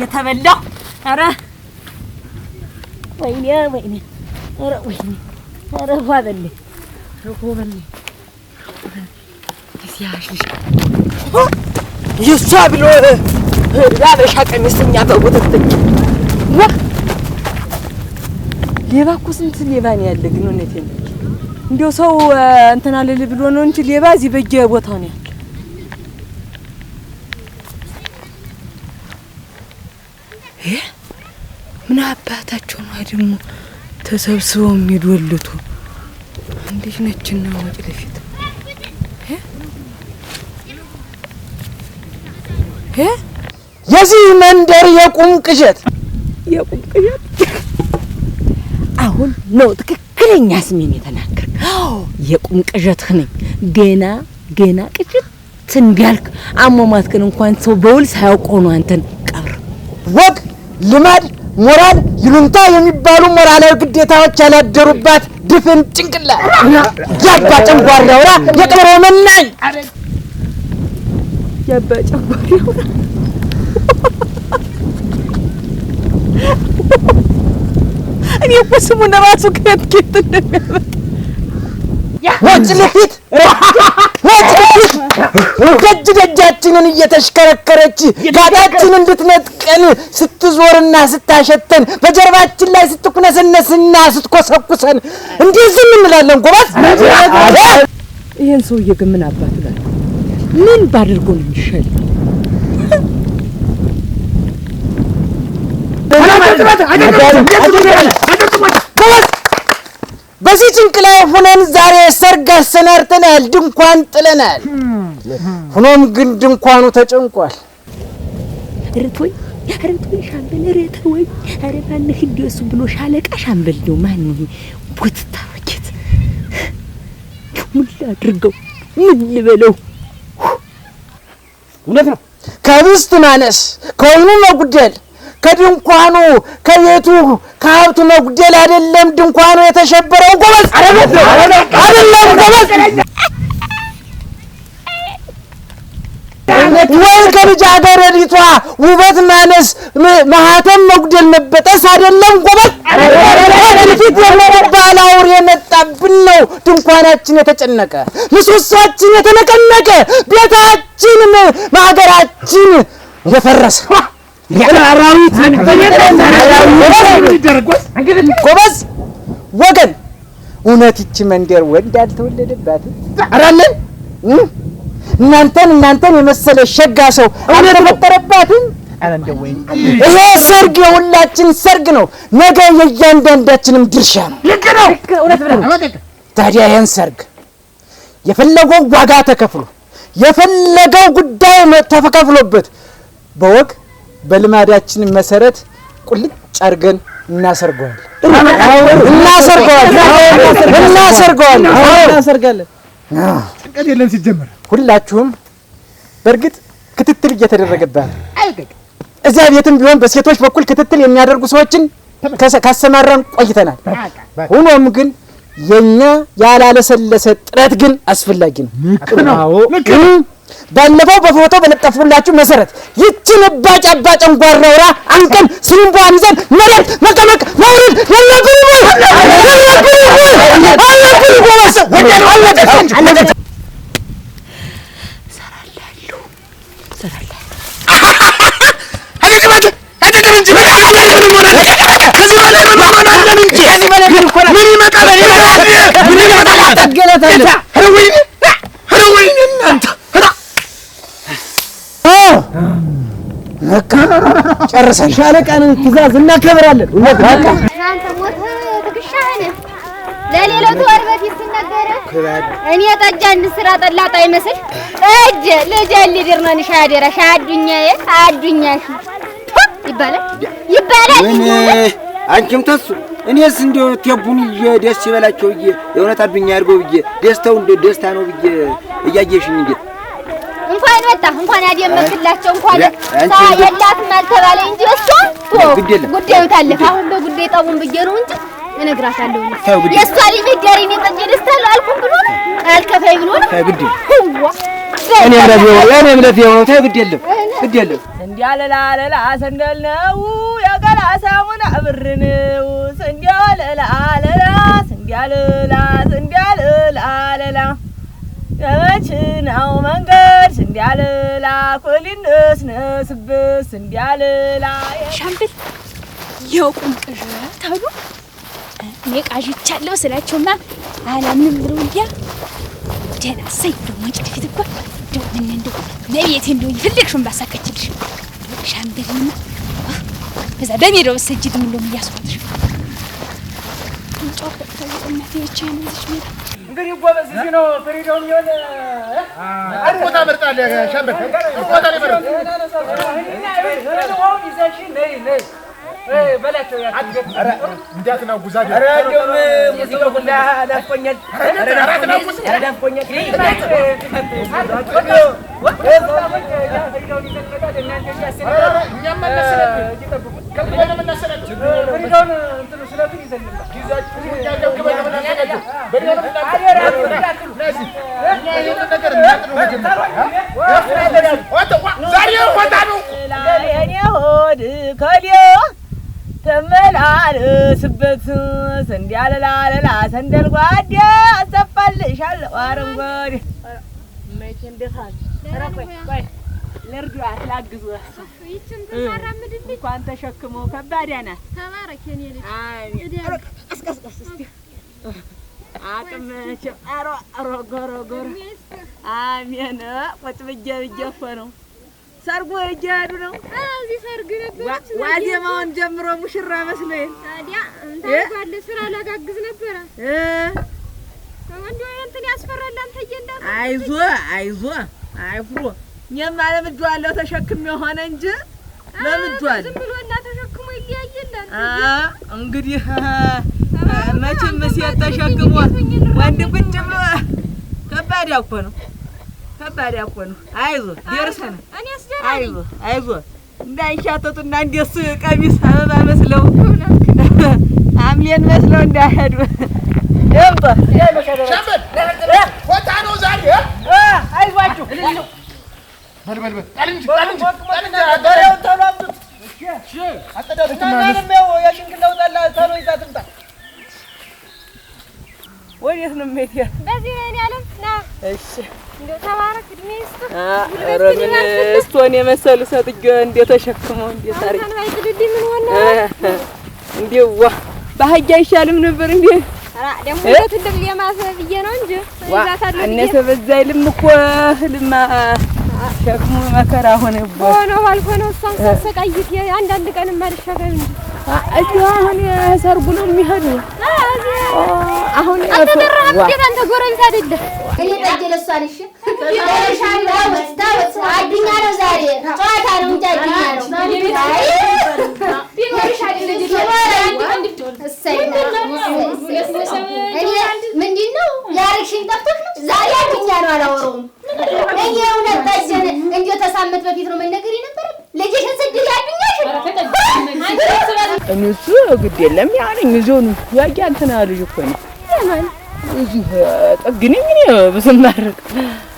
የተበላው ኧረ ወይኔ ወይኔ ኧረ ወይኔ ኧረ በለኝ የእሷ ብሎ የአበሻ ቀሚስ እኛ ሌባ እኮ ስንት ሌባ ነው ያለ ግን እውነቴን ነው እንዲያው ሰው እንትና ልል ብሎ ነው እንጂ ሌባ እዚህ በየ ቦታው ነው ያለ። ምን አባታቸው ነው ደግሞ ተሰብስበው የሚዶልቱ? እንዴት ነችና ወጭ ለፊት የዚህ መንደር የቁም ቅዠት የቁም ቅዠት አሁን ነው ትክክለኛ ስሜን የቁም ቅዠትህ ነኝ። ገና ገና ቅዠት እንዲያልክ አሟሟትክን እንኳን ሰው በውል ሳያውቀው ነው አንተን ቀብር። ወግ ልማድ፣ ሞራል፣ ይሉንታ የሚባሉ ሞራላዊ ግዴታዎች ያላደሩባት ድፍን ጭንቅላ ያባ ጨንጓሪ አውራ መናኝ ያባ ጨንጓሪ እኔ እኮ ስሙን ራሱ ከየት ከየት እንደሚያመጣ ወጭ ልፊት ወጭ ልፊት ደጅ ደጃችንን እየተሽከረከረች ጋጣችንን ልትነጥቀን ስትዞርና ስታሸተን በጀርባችን ላይ ስትኩነሰነስና ስትኮሰኩሰን እንዲህ ዝም እንላለን። ጎበዝ፣ ይህን ሰውዬ ግን ምን አባት ጋር ምን ባድርጎ ነው የሚሻል? ጎበዝ በዚህ ጭንቅ ላይ ሁነን ዛሬ ሰርግ አሰናርተናል፣ ድንኳን ጥለናል። ሆኖም ግን ድንኳኑ ተጨንቋል። ርቶይ ርቶይ ሻምበል ርቶይ፣ ኧረ ማንህ እንዲሁ እሱ ብሎ ሻለቃ ሻምበል ነው። ማን ቦትታ ወኬት ምን ላድርገው? ምን ልበለው? እውነት ነው ከብስት ማነስ ከውኑ መጉደል ከድንኳኑ ከቤቱ ከሀብቱ መጉደል አይደለም ድንኳኑ የተሸበረው ጎበዝ፣ አይደለም ጎበዝ፣ ወይም ከልጃገረዲቷ ውበት ማነስ ማህተም መጉደል መበጠስ አይደለም ጎበዝ። ፊት የመባል አውር የመጣብን ነው ድንኳናችን የተጨነቀ ምሰሶአችን የተነቀነቀ ቤታችን ማገራችን የፈረሰ ጎበዝ ወገን፣ እውነት ይቺ መንደር ወንድ አልተወለደባትም። አራለን እናንተን እናንተን የመሰለ ሸጋ ሰው አልተፈጠረባትም። ይሄ ሰርግ የሁላችን ሰርግ ነው። ነገ የእያንዳንዳችንም ድርሻ ነው። ታዲያ ይህን ሰርግ የፈለገው ዋጋ ተከፍሎ የፈለገው ጉዳይ ተከፍሎበት በወግ በልማዳችን መሰረት ቁልጭ አድርገን እናሰርገዋል የለም ሲጀመር ሁላችሁም በእርግጥ ክትትል እየተደረገባል። እዚያ ቤትም ቢሆን በሴቶች በኩል ክትትል የሚያደርጉ ሰዎችን ካሰማራን ቆይተናል። ሆኖም ግን የእኛ ያላለሰለሰ ጥረት ግን አስፈላጊ ነው። ባለፈው በፎቶ በለጠፉላችሁ መሰረት ይችን እባጭ አባጭ ጓራውራ አንቀን ስንቧ ይዘን መሬት መቀመቅ መውረድ ምን ይመጣል? በቃ ጨርሰን ሻለቃንን ትእዛዝ እናከብራለን። እውነት በቃ እናንተ ሞት ትክሻህን ለሌለቱ ወር ጠላጣ ይመስል ጠጅ ልጅ ሊድር ይባላል ይባላል። አንቺም ተሱ እኔስ ቴቡን ይዤ ደስ ይበላቸው ብዬ የእውነት አዱኛ ብዬ ደስተው እንደ ደስታ ነው ብዬ እያየሽኝ እንዴት እንኳን መጣ እንኳን ያደመክላቸው እንኳን የላትም አልተባለ እንጂ እሷ ጉዳዩ ታለፈ። አሁን በጉዳይ ጠቡን ብዬ ነው እንጂ እነግራታለሁ። የእሷ ልጅ ዳሪ ነው ጠጅ ደስታል አልኩም ብሎ አልከፋይ ብሎ ግድ እኔም ለፍ የሆነው ታይ ግድ የለም ግድ የለም እንዲያለላ ለላ ሰንደል ነው የገላ ሳሙና ብር ነው ስንዲያለላ ለላ ስንዲያለላ ስንዲያለላ ለላ የመችናው መንገድ ስንዲያልላ ኮሊንስ ነስብስ ስንዲያልላ ሻምብል የቁም ቅዠት አሉ። እኔ ቃዥቻለሁ ስላቸውና አላምንም ብሎ እንዲያ ደህና ሰይ ደሞ ጭድፊት እኮ እንደው ምን ለቤቴ እንደው ይፈልግሽውን ባሳከችልሽ ሻምብልንማ በዛ በሜዳው ሰጅድ ምን እያስቆጥሽ እንጫው ከታየ እናቴ ይቻ ነው ሜዳ እንግዲህ ጎበዝ እዚህ ነው ፍሪዶም ይሆን ቦታ መርጣለህ። ሻምበል ቦታ ላይ መረጥ በላቸው እንዳትናጉዛ ዳፍቆኛል ዳፍቆኛል የኔ ሆድ ከዲያ ተመላለስበት እንዲያለላለላ ሰንደል ጓዴ አሰፋልሻለሁ አረንጓዴ ለእርዷት ላግዟት። እንኳን ተሸክሞ ከባድ ናት። ተባረክ የኔ ልጅ። ቀስቀስ እስኪ አቅም ኧረ ኧረ ጎረ አሜን። ቁጭ ብዬ ብዬ እኮ ነው ሰርጉ እየሄዱ ነው። እዚህ ሰርግ ነበረች ዋዜማውን ጀምሮ ሙሽራ መስሎኝ ታዲያ እንታለ ስራ ላጋግዝ ነበረ እንዲ እንትን ያስፈራል። አንተዬ እንዳትል አይዞህ አይዞህ አይፍሮ እኔማ ለምጄዋለሁ ተሸክም የሆነ እንጂ ለምጄዋለሁ። ዝም ብሎና ተሸክሞ እንግዲህ መቼም ሴት ተሸክሞ ወንድ ቁጭ ብሎ ከባድ ያኮ ነው፣ ከባድ ያኮ ነው። እንደሱ ቀሚስ አበባ መስለው አምሌን መስለው እንዳይሄዱ ደምጦ ቦታ ነው ዛሬ አይዟችሁ ወዴት ነው የምሄድ? በዚህ የመሰሉ ሰጥጆ እንደው ተሸክመው እንደው ታሪክ ምን ሆነ አይሻልም ነበር እንዴ? ደግሞ ትልቅ የማሰብ ብዬሽ ነው እንጂ እነሱ በዛ አይልም እኮ ልማ ደግሞ መከራ ሆነብህ። ሆኖ አልሆነ እሷን ሳሰቃይት አንዳንድ ቀን ማልሻገር እንጂ አሁን ሰርጉ ነው የሚሄዱ። አሁን አንተ ደረህ አንተ ጎረቤት አይደለህ። ይሄ ጠጅ ለእሷ ነሽ አድኛ ነው ዛሬ ጨዋታ ነው ነው። ምንድን ነው ያረግሽኝ? ጠፍቶሽ ነው? ግድ የለም ያለኝ እዚሁ ነው ያያ እንትና ልጅ እኮ ነው እዚሁ ጠግነኝ እኔ ብስማርቅ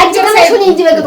አጭር ሳይሆን እንጂ በቅጡ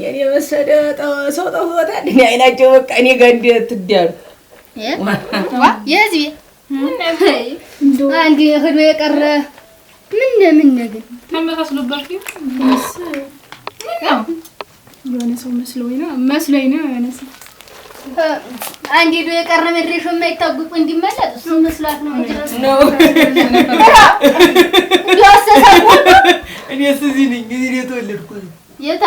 የኔ መሰለ ሰው ጠፍቶታል። እኔ አይናቸው በቃ እኔ ጋር እንዴት ትዳሉ የህዝቤ አንድ ህዶ የቀረ ምን ምን ግን የሆነ ሰው መስሎኝ ነው መስሎኝ ነው የሆነ ሰው አንድ ሄዶ የቀረ መድረሻ የማይታወቅ እንዲመለጥ እሱ መስሏት ነው እንጂ ነው እኔስ እዚህ ነኝ እዚህ ነው የታ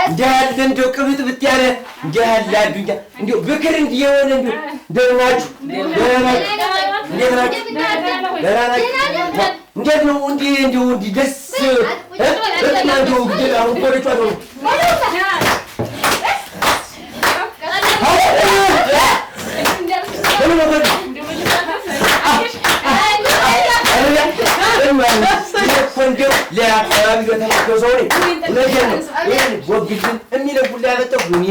እንዲህ ያለ እንደው ቅብጥብጥ ያለ እንዲህ ያለ አዱኛ እንደው ብክር የሆነ እንደው ደህና ናችሁ? ደህና ናችሁ? ደህና ናችሁ? እንዴት ነው እንዲህ እንደው እንዲህ ደስ እና እንደው ግድ አሁን ቆርጫ ነው ለአካባቢ በተለገዘው ነው። እውነቴን ነው። እኔ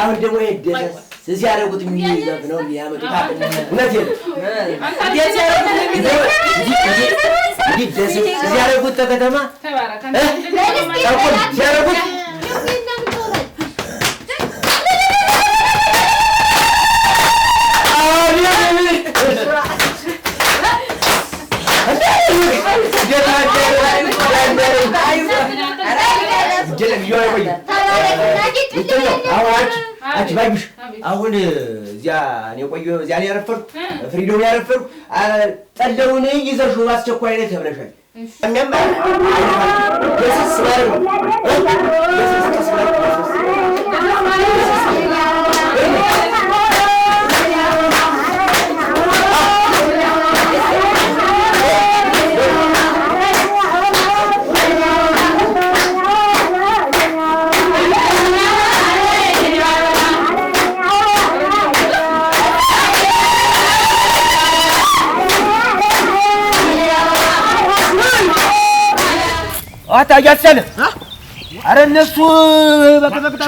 አሁን ደግሞ የደረስ እዚህ ያደረጉት የሚዘፍ ነው የሚያመጡት። እውነቴን እዚህ ያደረጉት ተከተማ ያደረጉት አሁን እዚያ እኔ ቆየሁ፣ እዚያ ነው ያረፈርኩ፣ ፍሪዶም ያረፈርኩ። ጠለውን ይዘሹ አስቸኳይ ነው ተብለሻል። ደስ ይላል። አታያሰልህ አረ እነሱ በቀበቅታ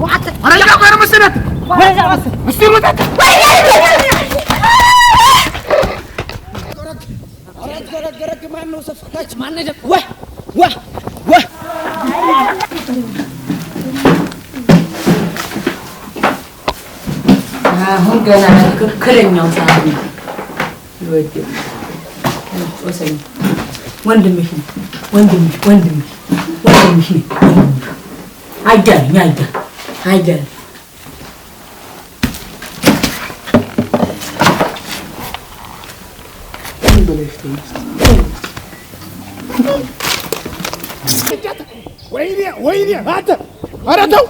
وحتى وحتى هرجعك غير مسيرتك هرجع مستير وتحت معنا وصفحتك معنا جب واه واه واه አሁን ገና ክርክረኛው ሳሚ ይወድ ወሰኝ ወንድምሽ ወንድምሽ ወንድምሽ ወንድምሽ አይገርም አይገርም አይገርም። ወይኔ አንተ ኧረ ተው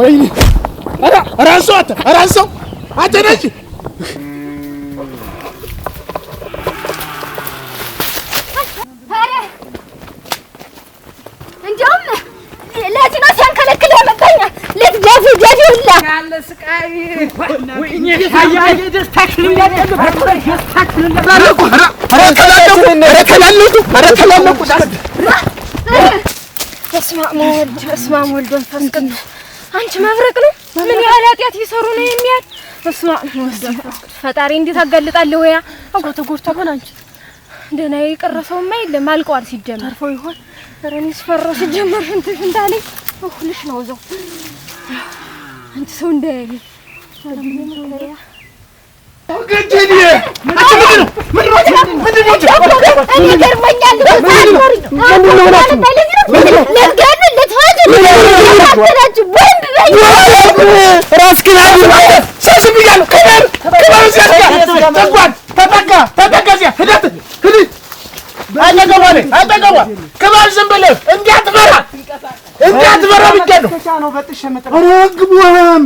ወይኔ ኧረ አንተ አንተ ነሽ እስማም ወልድ መንፈስ ቅዱስ አንቺ መብረቅ ነው። ምን ያህል ኃጢአት ይሰሩ ነው ያህል እስማም ፈጣሪ እንዴት አጋልጣለሁ። ወያ አጎ ተጎድቶ ሆን አንቺ ደህና የቀረሰውማ የለም አልቀዋል። ሲጀመር ተርፎ ይሆን ረኔ ስፈራው ሲጀመር ሽንት ሽንት ሁልሽ ነው እዛው አንተ ሰው እንዳያይ አጠገቧ ላይ አጠገቧ እንዳትበራ ብያለሁ። ረግቦም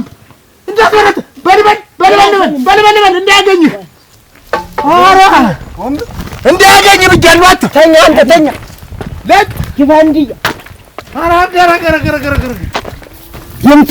እንዳትበረት በልበል በልበል በልበል እንዳያገኝህ እንዳያገኝህ ብያለሁ። አትተኛ ተኛ አንተ ተኛ ለት ይባንዲያ ኧረ ገረ ይምጣ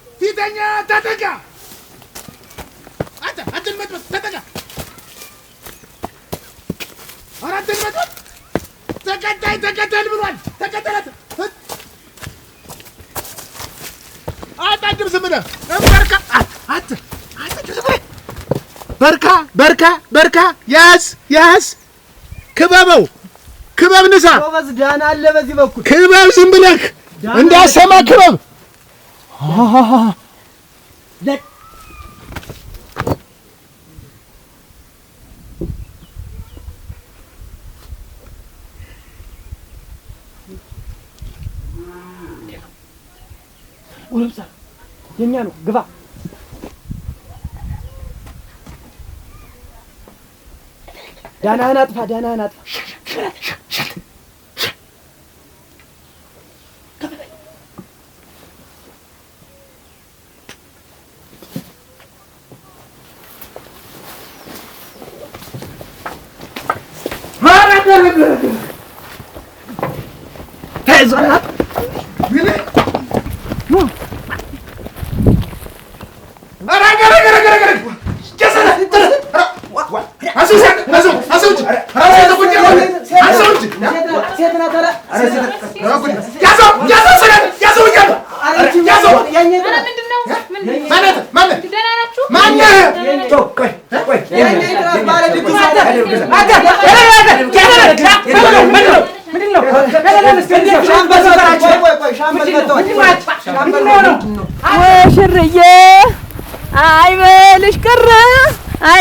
ፊተኛ ተጠጋ። አንተ አትልመጥመጥ፣ ተጠጋ። ኧረ አትልመጥመጥ። ተከታይ ተከተል ብሏል። ተከተላት። አጣድም ዝም በርካ አንተ በርካ በርካ በርካ ያዝ ያዝ ክበበው ክበብ ንሳ ዳና አለ በዚህ በኩል ክበብ ዝም ብለህ እንዳሰማ ክበብ ለት ጎረምሳ የኛ ነው። ግባ ዳናህን አጥፋ፣ ዳናህን አጥፋ ነበረ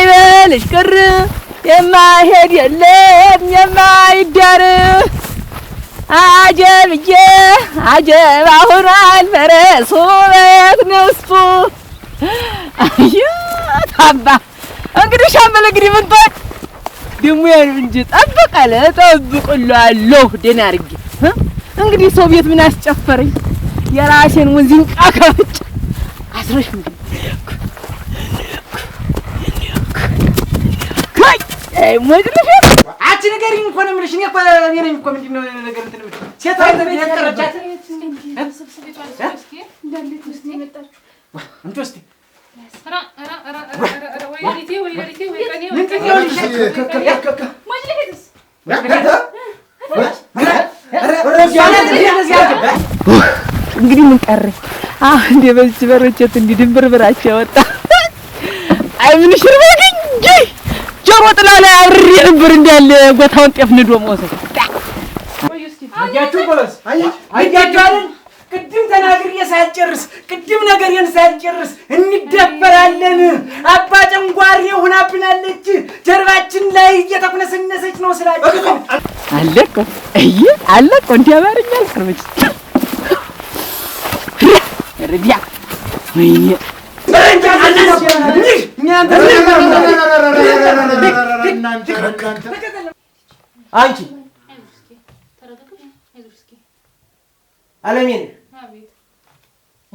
አይበልሽ ቅር የማይሄድ የለም የማይዳር አጀብ እዬ አጀብ አሁኗል ፈረሱ በየት ነው እስቱ አየት እንግዲህ ሻምበል እንግዲህ ምን ትሆን ደግሞ ያን እንጂ ጠብቀለ እጠብቅልዋለሁ ደህና አድርጌ እንግዲህ ሰው ቤት ምን አስጨፈረኝ የራሴን ወንዚን ከፍጭ አስረሽ እንግዲህ አንቺ ንገሪኝ እኮ ነው የምልሽ። እኔ እኮ እኔ ነኝ እኮ ምንድን ነው ነገር እንትን የምልሽ ሴት ያጠረቻት እንግዲህ ምን እንደ እንዲህ ድንብርብራቸው ወጣ። ሮጥ ላለ አብሬ ነበር እንዳለ ጎታውን ጤፍ ንዶ መውሰድ ቅድም ተናግሬ ሳልጨርስ ቅድም ነገሬን ሳልጨርስ እንደበራለን። አባ ጨንጓሬ ሁናብናለች። ጀርባችን ላይ እየተኩነሰነሰች ነው ስላቸው አለቆ እይ አለቆ እንዲህ አማርኛ አልቀርበች ርዲያ ወይኔ አንቺ አለሜን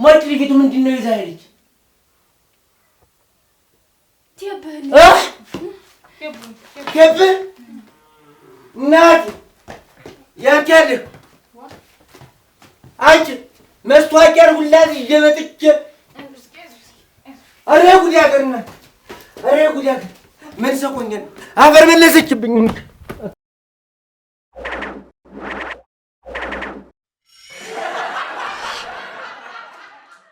ሞጭ ልጅቱ ምንድን ነው ይዛ ሄደች? ገብህ እናት ያንቺ ያለህ አንቺ መስታወቂያ ሁላ ይዤ መጥቼ አሬ ጉድ ያገርና አሬ ጉድ ያገር መልሰኮኝ አፈር መለሰችብኝ።